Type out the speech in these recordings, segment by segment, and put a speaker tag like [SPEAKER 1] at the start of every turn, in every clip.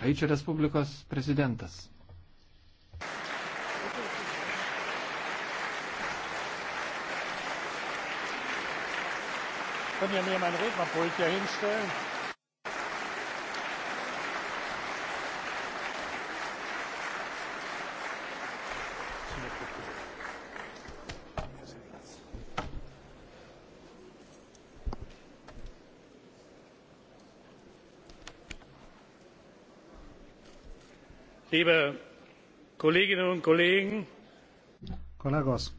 [SPEAKER 1] Haičio Respublikos prezidentas. Können
[SPEAKER 2] ja mir mein Rednerpult hier hinstellen? liebe kolleginnen und kollegen kolegos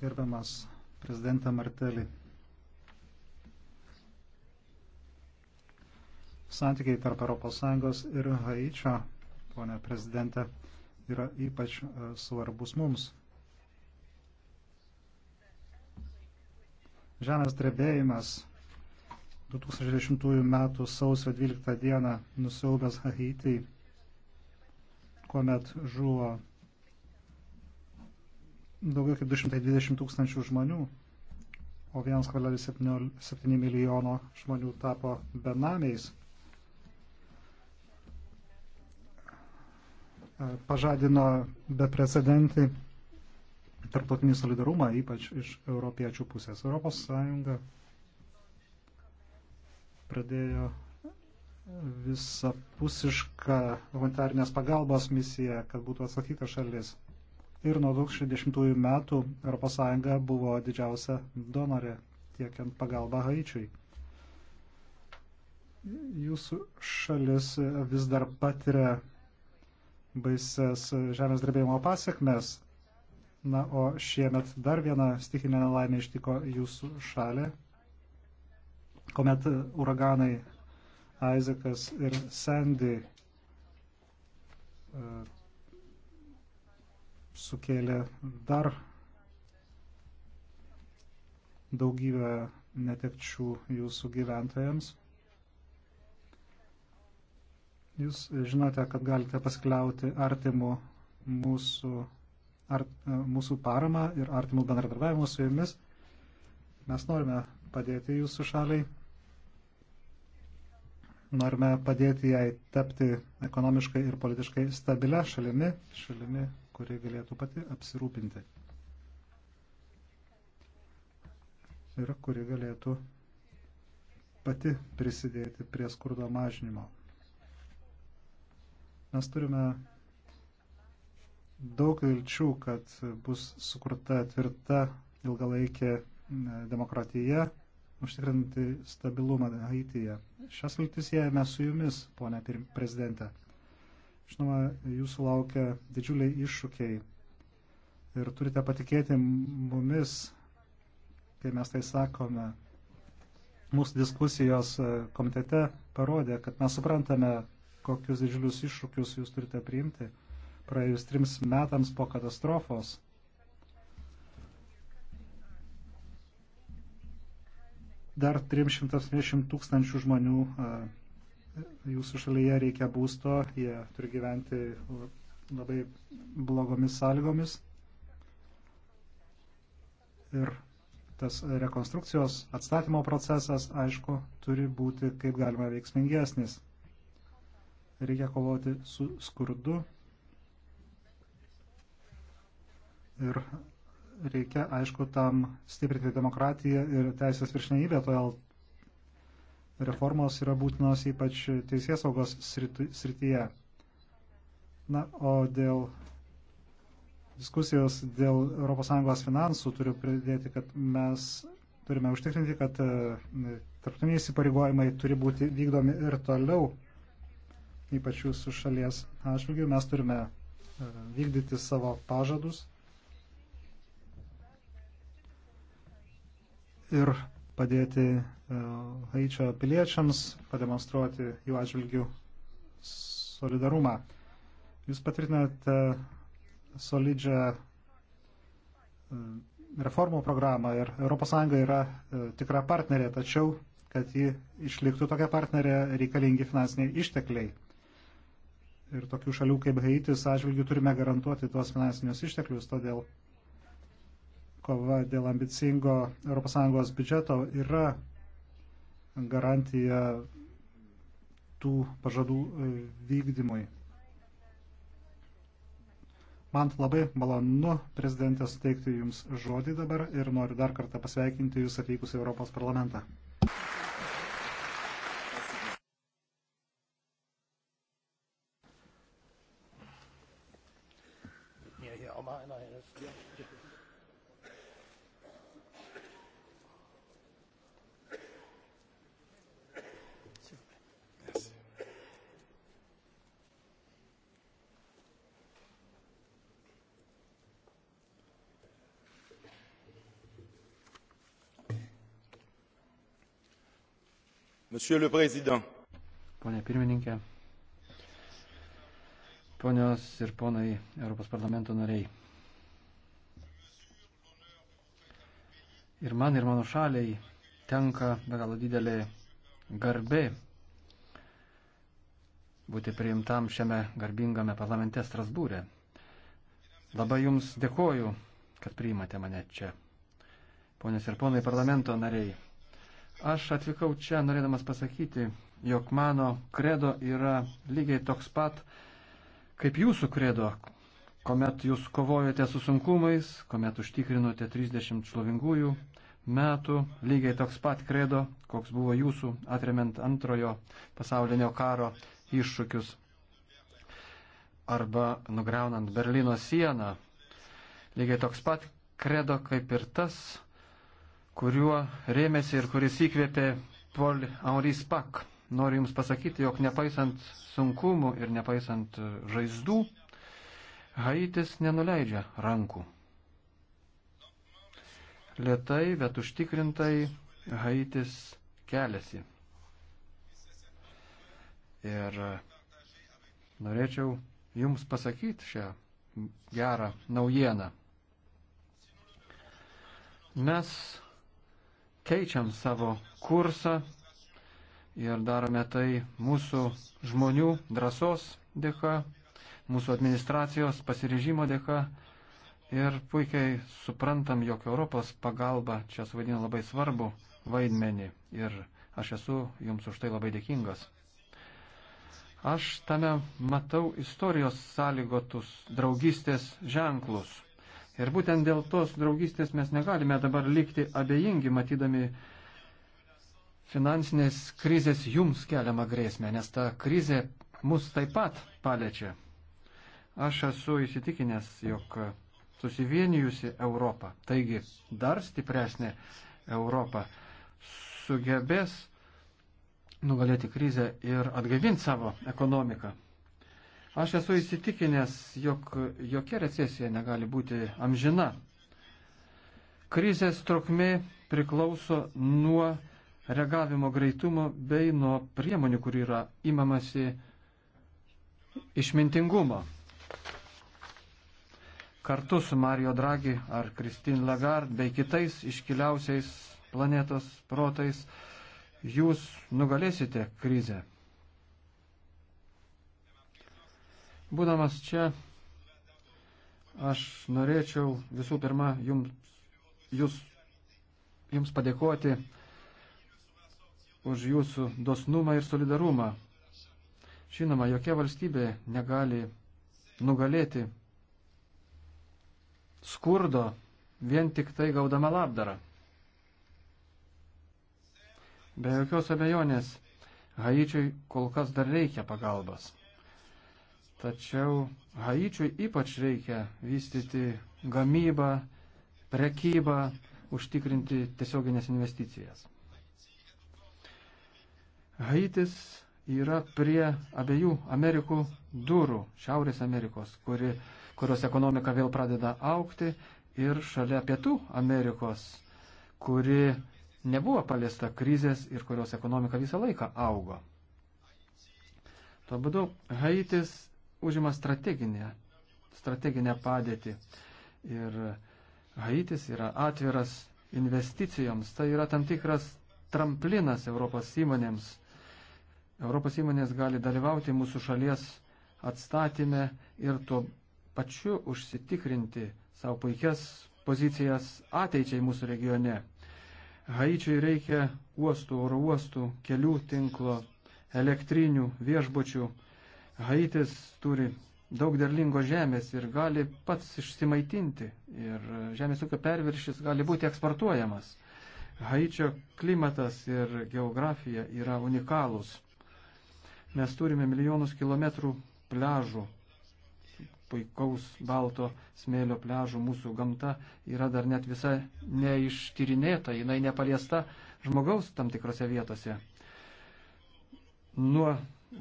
[SPEAKER 2] gerbiamas prezidente marteli santykiai tarp europos sąjungos ir haičio pone prezidente yra ypač e, svarbus mums žemės drebėjimas 2010 m. sausio 12 d. nusiaubęs Haitį, kuomet žuvo daugiau kaip 220 tūkstančių žmonių, o 1,7 milijono žmonių tapo benamiais. E, pažadino beprecedentį tarptautinį solidarumą, ypač iš europiečių pusės. Europos Sąjunga pradėjo visapusišką humanitarnės pagalbos misiją, kad būtų atsakyta šalis. Ir nuo 2010 metų ES buvo didžiausia donorė tiekiant pagalbą Haičiui. Jūsų šalis vis dar patiria baises žemės drebėjimo pasiekmes. Na, o šiemet dar viena stikinė nelaimė ištiko jūsų šalį kuomet uraganai Aizekas ir Sandy e, sukėlė dar daugybę netekčių jūsų gyventojams. Jūs žinote, kad galite paskliauti artimu mūsų, art, e, mūsų paramą ir artimų bendradarbiavimų su jumis. Mes norime padėti jūsų šaliai. Norime padėti jai tapti ekonomiškai ir politiškai stabilia šalimi, šalimi, kuri galėtų pati apsirūpinti. Ir kuri galėtų pati prisidėti prie skurdo mažinimo. Mes turime daug vilčių, kad bus sukurta tvirta ilgalaikė demokratija užtikrinti stabilumą Haityje. Šias viltis jėjame su jumis, ponė prezidentė. Žinoma, jūsų laukia didžiuliai iššūkiai ir turite patikėti mumis, kai mes tai sakome. Mūsų diskusijos e, komitete parodė, kad mes suprantame, kokius didžiulius iššūkius jūs turite priimti praėjus trims metams po katastrofos dar 320 tūkstančių žmonių jūsų šalyje reikia būsto, jie turi gyventi labai blogomis sąlygomis. Ir tas rekonstrukcijos atstatymo procesas, aišku, turi būti kaip galima veiksmingesnis. Reikia kovoti su skurdu ir reikia, aišku, tam stiprinti demokratiją ir teisės viršnybę, todėl reformos yra būtinos ypač teisės saugos srityje. Na, o dėl diskusijos dėl ES finansų turiu pridėti, kad mes turime užtikrinti, kad tarptautiniai įsipareigojimai turi būti vykdomi ir toliau, ypač jūsų šalies atžvilgių. Mes turime e, vykdyti savo pažadus ir padėti e, Haičio piliečiams pademonstruoti jų atžvilgių solidarumą. Jūs patvirtinate solidžią e, reformų programą ir ES yra e, tikra partnerė, tačiau, kad ji išliktų tokia partnerė, reikalingi finansiniai ištekliai. Ir tokių šalių kaip Haitis atžvilgių turime garantuoti tuos finansinius išteklius, todėl kova dėl ambicingo ES biudžeto yra garantija tų pažadų e, vykdymui. Man labai malonu, prezidentė, suteikti Jums žodį dabar ir noriu dar kartą pasveikinti Jūs atvykus į Europos parlamentą. Monsieur le Président.
[SPEAKER 1] Pone pirmininkė, ponios ir ponai Europos parlamento nariai. Ir man ir mano šaliai tenka be galo didelė garbė būti priimtam šiame garbingame parlamente Strasbūrė. Labai Jums dėkoju, kad priimate mane čia. Ponios ir ponai parlamento nariai. Aš atvykau čia norėdamas pasakyti, jog mano kredo yra lygiai toks pat kaip jūsų kredo, kuomet jūs kovojate su sunkumais, kuomet užtikrinote 30 šlovingųjų metų, lygiai toks pat kredo, koks buvo jūsų atremiant antrojo pasaulinio karo iššūkius arba nugriaunant Berlyno sieną. Lygiai toks pat kredo kaip ir tas kuriuo rėmėsi ir kuris įkvėpė Paul Henri Spak. Noriu Jums pasakyti, jog nepaisant sunkumų ir nepaisant žaizdų, Haitis nenuleidžia rankų. Lietai, bet užtikrintai Haitis keliasi. Ir norėčiau Jums pasakyti šią gerą naujieną. Mes keičiam savo kursą ir darome tai mūsų žmonių drąsos dėka, mūsų administracijos pasiryžimo dėka ir puikiai suprantam, jog Europos pagalba čia suvaidina labai svarbu vaidmenį ir aš esu jums už tai labai dėkingas. Aš tame matau istorijos sąlygotus draugystės ženklus. Ir būtent dėl tos draugystės mes negalime dabar likti abejingi, matydami finansinės krizės jums keliamą grėsmę, nes ta krizė mus taip pat paliečia. Aš esu įsitikinęs, jog susivienijusi Europa, taigi dar stipresnė Europa, sugebės nugalėti krizę ir atgaivinti savo ekonomiką. Aš esu įsitikinęs, jog jokia recesija negali būti amžina. Krizės trukmė priklauso nuo reagavimo greitumo bei nuo priemonių, kur yra imamasi išmintingumo. Kartu su Mario Draghi ar Kristin Lagarde bei kitais iškiliausiais planetos protais jūs nugalėsite krizę. Būdamas čia, aš norėčiau visų pirma jums, jūs, jums padėkoti už jūsų dosnumą ir solidarumą. Žinoma, jokia valstybė negali nugalėti skurdo vien tik tai gaudama labdarą. Be jokios abejonės, Haičiui kol kas dar reikia pagalbas. Tačiau Haičiui ypač reikia vystyti gamybą, prekybą, užtikrinti tiesioginės investicijas. Haitis yra prie abiejų Amerikų durų, Šiaurės Amerikos, kuri, kurios ekonomika vėl pradeda aukti, ir šalia Pietų Amerikos, kuri nebuvo paliesta krizės ir kurios ekonomika visą laiką augo. Tuo būdu Haitis užima strateginę, strateginę padėtį. Ir Haitis yra atviras investicijoms. Tai yra tam tikras tramplinas Europos įmonėms. Europos įmonės gali dalyvauti mūsų šalies atstatymę ir tuo pačiu užsitikrinti savo puikias pozicijas ateičiai mūsų regione. Haičiai reikia uostų, oro uostų, kelių tinklo, elektrinių, viešbučių Haitis turi daug derlingos žemės ir gali pats išsimaitinti. Ir žemės ūkio perviršis gali būti eksportuojamas. Haičio klimatas ir geografija yra unikalūs. Mes turime milijonus kilometrų pležų, puikaus balto smėlio pležų. Mūsų gamta yra dar net visa neištyrinėta, jinai nepaliesta žmogaus tam tikrose vietose. Nuo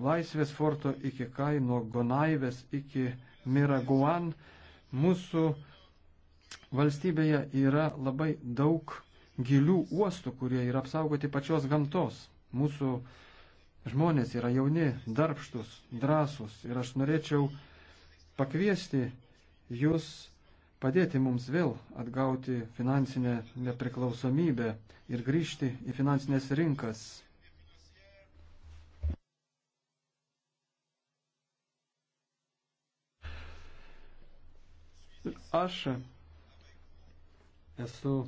[SPEAKER 1] Laisvės forto iki Kai, nuo Gonaivės iki Miraguan, mūsų valstybėje yra labai daug gilių uostų, kurie yra apsaugoti pačios gamtos. Mūsų žmonės yra jauni, darbštus, drąsus ir aš norėčiau pakviesti jūs padėti mums vėl atgauti finansinę nepriklausomybę ir grįžti į finansinės rinkas. Aš esu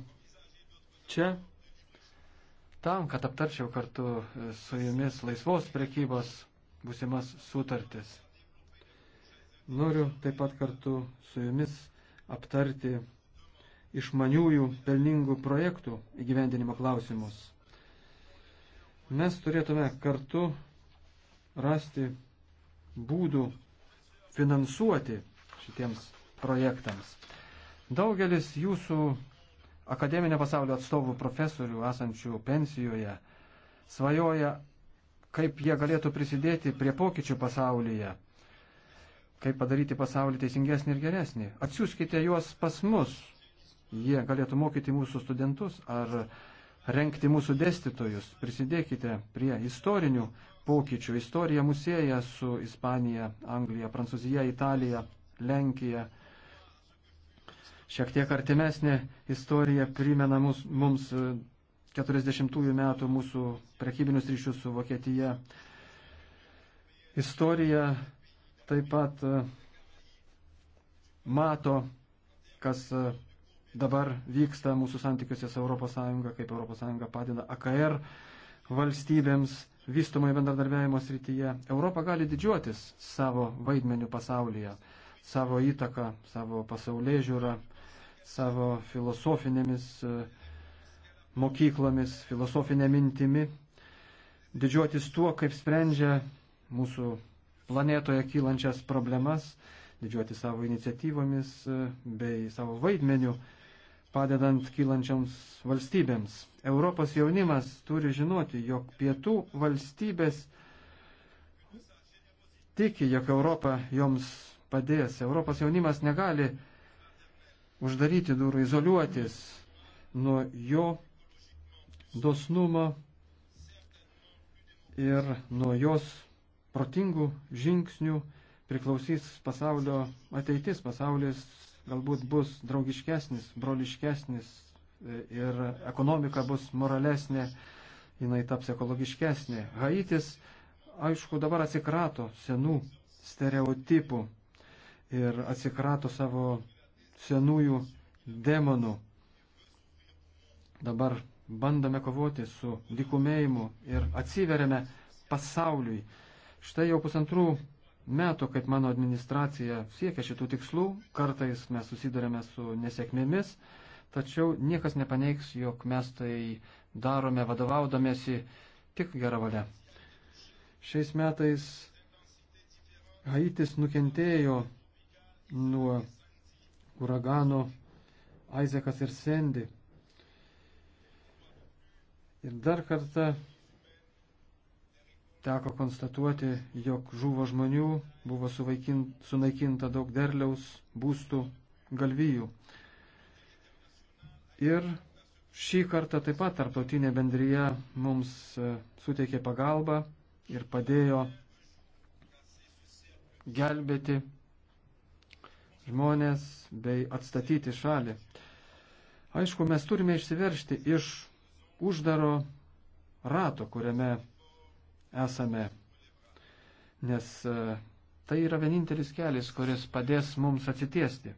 [SPEAKER 1] čia tam, kad aptarčiau kartu su jumis laisvos prekybos būsimas sutartis. Noriu taip pat kartu su jumis aptarti išmaniųjų pelningų projektų įgyvendinimo klausimus. Mes turėtume kartu rasti būdų finansuoti šitiems projektams. Daugelis jūsų akademinio pasaulio atstovų profesorių esančių pensijoje svajoja, kaip jie galėtų prisidėti prie pokyčių pasaulyje, kaip padaryti pasaulį teisingesnį ir geresnį. Atsiųskite juos pas mus, jie galėtų mokyti mūsų studentus ar renkti mūsų dėstytojus. Prisidėkite prie istorinių pokyčių. Istorija musėja su Ispanija, Anglija, Prancūzija, Italija, Lenkija šiek tiek artimesnė istorija primena mus, mums 40-ųjų e, metų mūsų prekybinius ryšius su Vokietija. Istorija taip pat e, mato, kas e, dabar vyksta mūsų santykiuose su ES, kaip ES padeda AKR valstybėms vystomoje bendradarbiavimo srityje. Europa gali didžiuotis savo vaidmeniu pasaulyje, savo įtaką, savo pasaulyje žiūrą savo filosofinėmis e, mokyklomis, filosofinė mintimi, didžiuotis tuo, kaip sprendžia mūsų planetoje kylančias problemas, didžiuoti savo iniciatyvomis e, bei savo vaidmeniu, padedant kylančioms valstybėms. Europos jaunimas turi žinoti, jog pietų valstybės tiki, jog Europa joms padės. Europos jaunimas negali uždaryti durų, izoliuotis nuo jo dosnumo ir nuo jos protingų žingsnių priklausys pasaulio ateitis. Pasaulis galbūt bus draugiškesnis, broliškesnis e, ir ekonomika bus moralesnė, jinai taps ekologiškesnė. Haitis, aišku, dabar atsikrato senų stereotipų ir atsikrato savo senųjų demonų. Dabar bandome kovoti su dikumėjimu ir atsiveriame pasauliui. Štai jau pusantrų metų, kaip mano administracija siekia šitų tikslų, kartais mes susidarėme su nesėkmėmis, tačiau niekas nepaneiks, jog mes tai darome vadovaudomėsi tik gerą valią. Šiais metais Haitis nukentėjo nuo uragano Aizekas ir Sendi. Ir dar kartą teko konstatuoti, jog žuvo žmonių, buvo sunaikinta daug derliaus, būstų, galvijų. Ir šį kartą taip pat tarptautinė bendryje mums e, suteikė pagalbą ir padėjo gelbėti žmonės bei atstatyti šalį. Aišku, mes turime išsiveršti iš uždaro rato, kuriame esame, nes e, tai yra vienintelis kelias, kuris padės mums atsitiesti.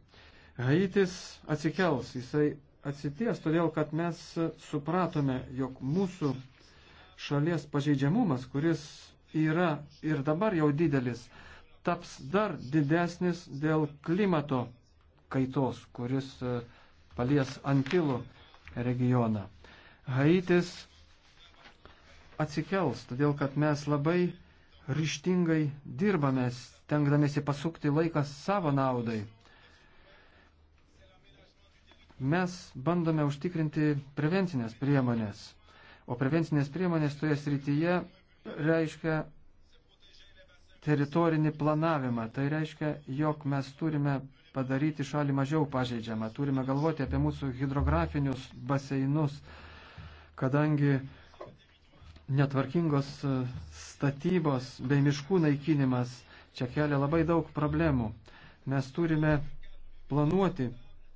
[SPEAKER 1] Haitis atsikels, jisai atsities, todėl kad mes supratome, jog mūsų šalies pažeidžiamumas, kuris yra ir dabar jau didelis, taps dar didesnis dėl klimato kaitos, kuris e, palies Antilų regioną. Haitis atsikels, todėl kad mes labai ryštingai dirbame, stengdamėsi pasukti laiką savo naudai. Mes bandome užtikrinti prevencinės priemonės, o prevencinės priemonės toje srityje reiškia teritorinį planavimą. Tai reiškia, jog mes turime padaryti šalį mažiau pažeidžiamą. Turime galvoti apie mūsų hidrografinius baseinus, kadangi netvarkingos e, statybos bei miškų naikinimas čia kelia labai daug problemų. Mes turime planuoti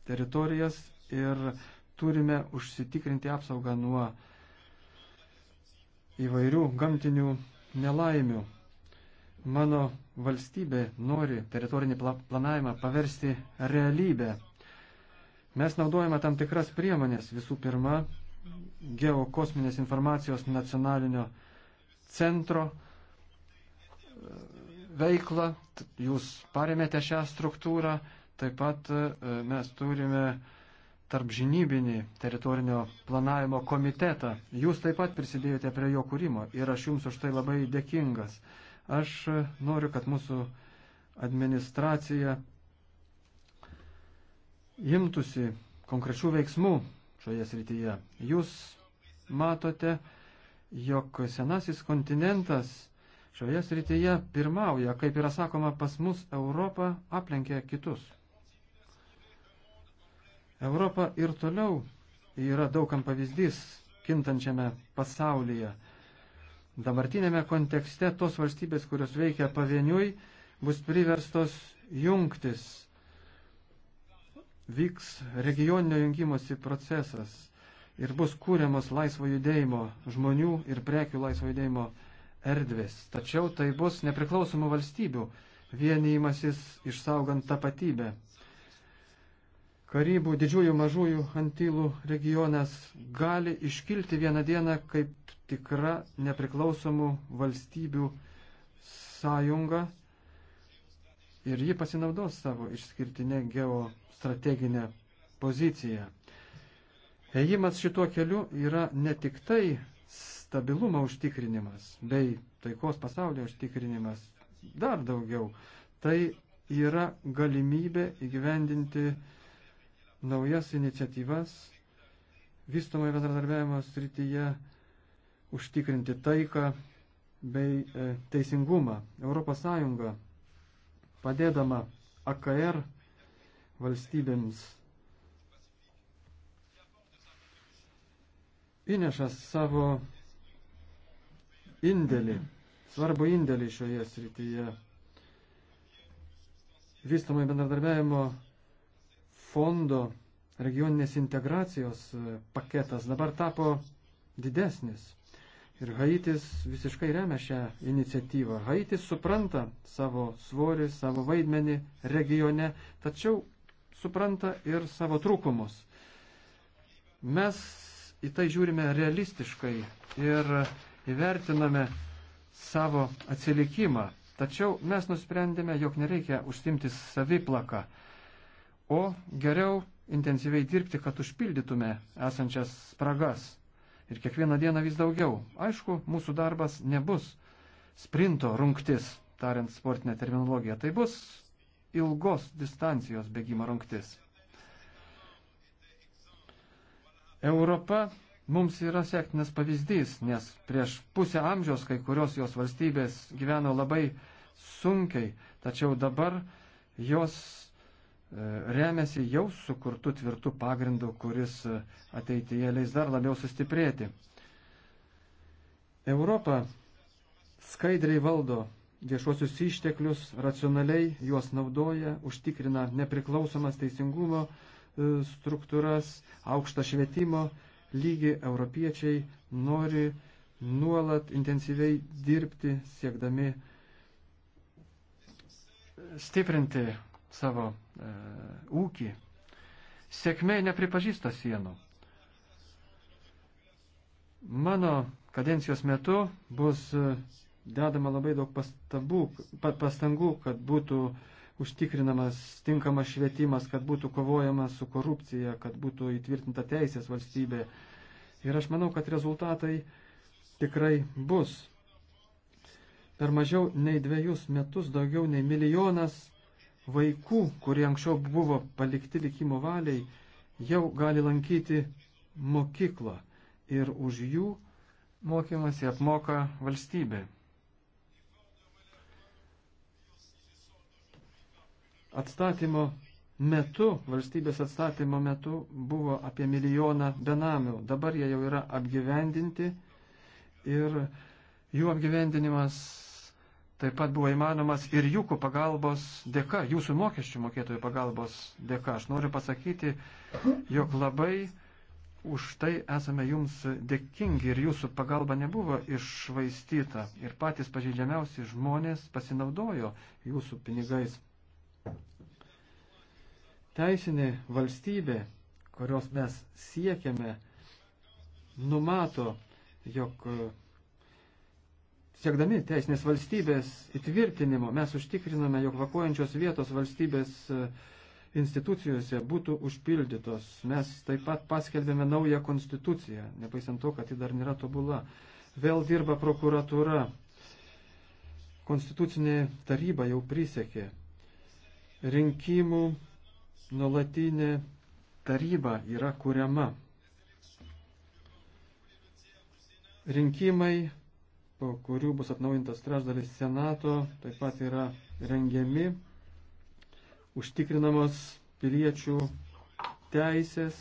[SPEAKER 1] teritorijas ir turime užsitikrinti apsaugą nuo įvairių gamtinių nelaimių. Mano valstybė nori teritorinį planavimą paversti realybę. Mes naudojame tam tikras priemonės. Visų pirma, geokosminės informacijos nacionalinio centro e, veiklą. Jūs paremėte šią struktūrą. Taip pat e, mes turime tarp žinybinį teritorinio planavimo komitetą. Jūs taip pat prisidėjote prie jo kūrimo ir aš jums už tai labai dėkingas. Aš noriu, kad mūsų administracija imtųsi konkrečių veiksmų šioje srityje. Jūs matote, jog senasis kontinentas šioje srityje pirmauja, kaip yra sakoma, pas mus Europą aplenkė kitus. Europa ir toliau yra daugam pavyzdys kintančiame pasaulyje. Dabartinėme kontekste tos valstybės, kurios veikia pavieniui, bus priverstos jungtis. Vyks regioninio jungimosi procesas ir bus kūriamos laisvo judėjimo žmonių ir prekių laisvo judėjimo erdvės. Tačiau tai bus nepriklausomų valstybių vienijimasis išsaugant tapatybę. Karibų didžiųjų mažųjų antylų regionas gali iškilti vieną dieną kaip tikra nepriklausomų valstybių sąjunga ir ji pasinaudos savo išskirtinę geostrateginę poziciją. Ėjimas šituo keliu yra ne tik tai stabilumo užtikrinimas bei taikos pasaulio užtikrinimas, dar daugiau, tai yra galimybė įgyvendinti naujas iniciatyvas vystomojo bendradarbiavimo srityje užtikrinti taiką bei e, teisingumą. ES padėdama AKR valstybėms įneša savo indėlį, svarbu indėlį šioje srityje. Vystamai bendradarbiavimo fondo regioninės integracijos e, paketas dabar tapo didesnis. Ir Haitis visiškai remia šią iniciatyvą. Haitis supranta savo svorį, savo vaidmenį regione, tačiau supranta ir savo trūkumus. Mes į tai žiūrime realistiškai ir įvertiname savo atsilikimą. Tačiau mes nusprendėme, jog nereikia užsimti saviplaką o geriau intensyviai dirbti, kad užpildytume esančias spragas. Ir kiekvieną dieną vis daugiau. Aišku, mūsų darbas nebus sprinto rungtis, tariant sportinę terminologiją. Tai bus ilgos distancijos bėgimo rungtis. Europa mums yra sektinas pavyzdys, nes prieš pusę amžiaus kai kurios jos valstybės gyveno labai sunkiai, tačiau dabar jos E, remiasi jau sukurtų tvirtų pagrindų, kuris e, ateityje leis dar labiau sustiprėti. Europa skaidriai valdo viešuosius išteklius, racionaliai juos naudoja, užtikrina nepriklausomas teisingumo e, struktūras, aukštą švietimo lygį europiečiai nori nuolat intensyviai dirbti, siekdami stiprinti savo E, ūkį. Sėkmė nepripažįsta sienų. Mano kadencijos metu bus e, dedama labai daug pastabų, pastangų, kad būtų užtikrinamas tinkamas švietimas, kad būtų kovojama su korupcija, kad būtų įtvirtinta teisės valstybė. Ir aš manau, kad rezultatai tikrai bus. Per mažiau nei dviejus metus daugiau nei milijonas vaikų, kurie anksčiau buvo palikti likimo valiai, jau gali lankyti mokyklą ir už jų mokymasi apmoka valstybė. Atstatymo metu, valstybės atstatymo metu buvo apie milijoną benamių, dabar jie jau yra apgyvendinti ir jų apgyvendinimas taip pat buvo įmanomas ir jūsų pagalbos dėka, jūsų mokesčių mokėtojų pagalbos dėka. Aš noriu pasakyti, jog labai už tai esame jums dėkingi ir jūsų pagalba nebuvo išvaistyta. Ir patys pažeidžiamiausi žmonės pasinaudojo jūsų pinigais. Teisinė valstybė, kurios mes siekiame, numato, jog siekdami teisinės valstybės įtvirtinimo, mes užtikriname, jog vakuojančios vietos valstybės e, institucijose būtų užpildytos. Mes taip pat paskelbėme naują konstituciją, nepaisant to, kad ji dar nėra tobula. Vėl dirba prokuratūra. Konstitucinė taryba jau prisiekė. Rinkimų nuolatinė taryba yra kuriama. Rinkimai po kurių bus atnaujintas trešdalis Senato, taip pat yra rengiami, užtikrinamos piliečių teisės,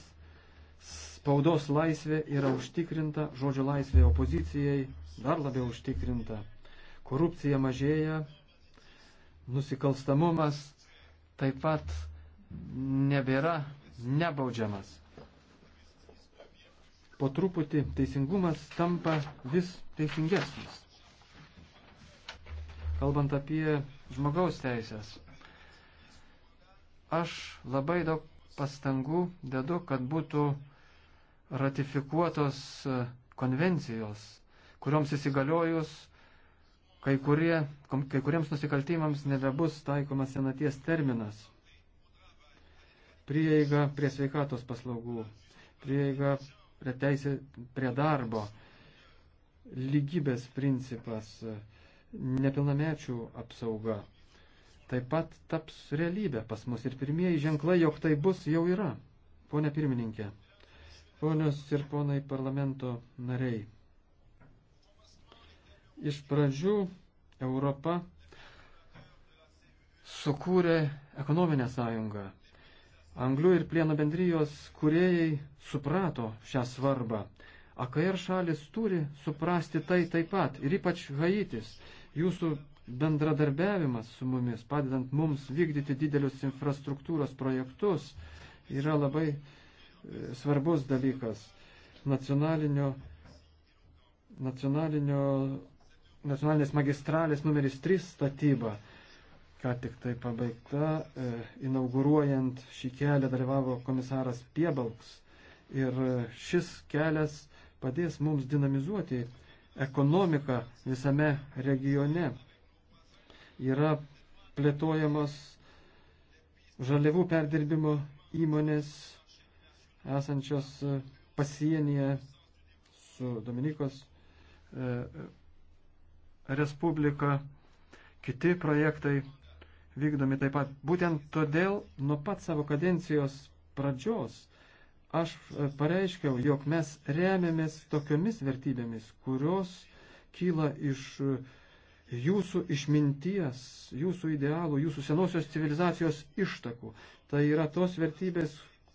[SPEAKER 1] spaudos laisvė yra užtikrinta, žodžio laisvė opozicijai dar labiau užtikrinta, korupcija mažėja, nusikalstamumas taip pat nebėra nebaudžiamas po truputį teisingumas tampa vis teisingesnis. Kalbant apie žmogaus teisės, aš labai daug pastangų dedu, kad būtų ratifikuotos e, konvencijos, kurioms įsigaliojus kai, kurie, kai kuriems nusikaltimams nebebus taikomas senaties terminas. Prieiga prie sveikatos paslaugų, prieiga prie teisė prie darbo, lygybės principas, nepilnamečių apsauga. Taip pat taps realybė pas mus ir pirmieji ženklai, jog tai bus, jau yra. Pone pirmininkė, ponios ir ponai parlamento nariai. Iš pradžių Europa sukūrė ekonominę sąjungą, Anglių ir plieno bendrijos kuriejai suprato šią svarbą. AKR šalis turi suprasti tai taip pat ir ypač Haitis. Jūsų bendradarbiavimas su mumis, padedant mums vykdyti didelius infrastruktūros projektus, yra labai e, svarbus dalykas. Nacionalinio, nacionalinio, nacionalinės magistralės numeris 3 statyba ką tik tai pabaigta. E, inauguruojant šį kelią dalyvavo komisaras Piebalks. Ir e, šis kelias padės mums dinamizuoti ekonomiką visame regione. Yra plėtojamos žaliavų perdirbimo įmonės esančios e, pasienyje su Dominikos Respublika, kiti projektai vykdomi taip pat. Būtent todėl nuo pat savo kadencijos pradžios aš e, pareiškiau, jog mes remiamės tokiomis vertybėmis, kurios kyla iš e, jūsų išminties, jūsų idealų, jūsų senosios civilizacijos ištakų. Tai yra tos vertybės,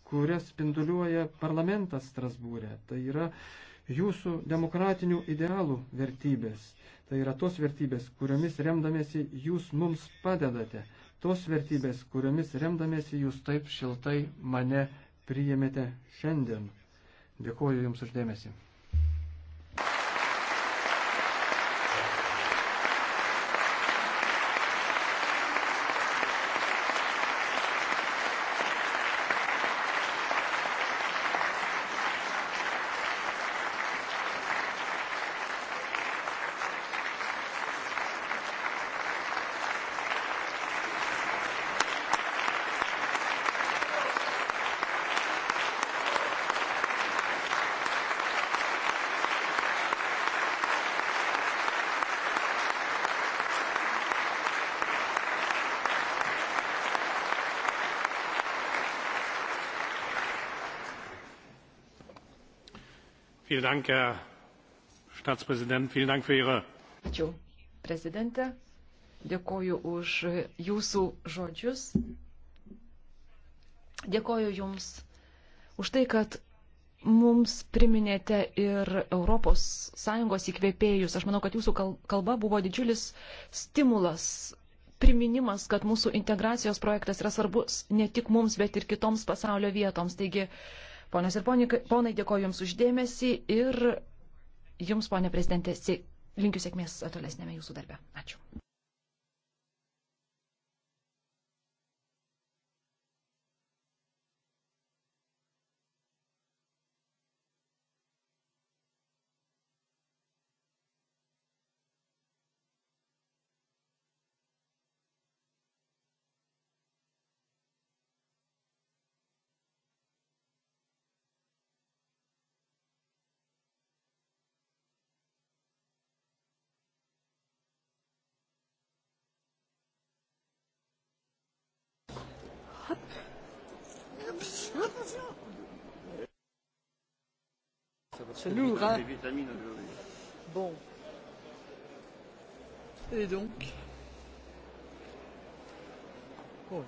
[SPEAKER 1] kurias spinduliuoja parlamentas Strasbūrė. Tai yra jūsų demokratinių idealų vertybės. Tai yra tos vertybės, kuriomis remdamėsi jūs mums padedate. Tos vertybės, kuriomis remdamėsi jūs taip šiltai mane priėmėte šiandien. Dėkuoju Jums uždėmesi.
[SPEAKER 2] Vielen Dank, Herr Staatspräsident. Vielen Dank für Ihre.
[SPEAKER 1] Ačiū, prezidente. Dėkoju už jūsų žodžius. Dėkoju Jums už tai, kad mums priminėte ir ES įkvėpėjus. Aš manau, kad jūsų kalba buvo didžiulis stimulas, priminimas, kad mūsų integracijos projektas yra svarbus ne tik mums, bet ir kitoms pasaulio vietoms. Taigi Ponios ir ponai, dėkoju Jums uždėmesį ir Jums, ponė prezidentė, linkiu sėkmės tolesnėme Jūsų darbe. Ačiū. C'est lourd, hein Bon. Et donc Bon.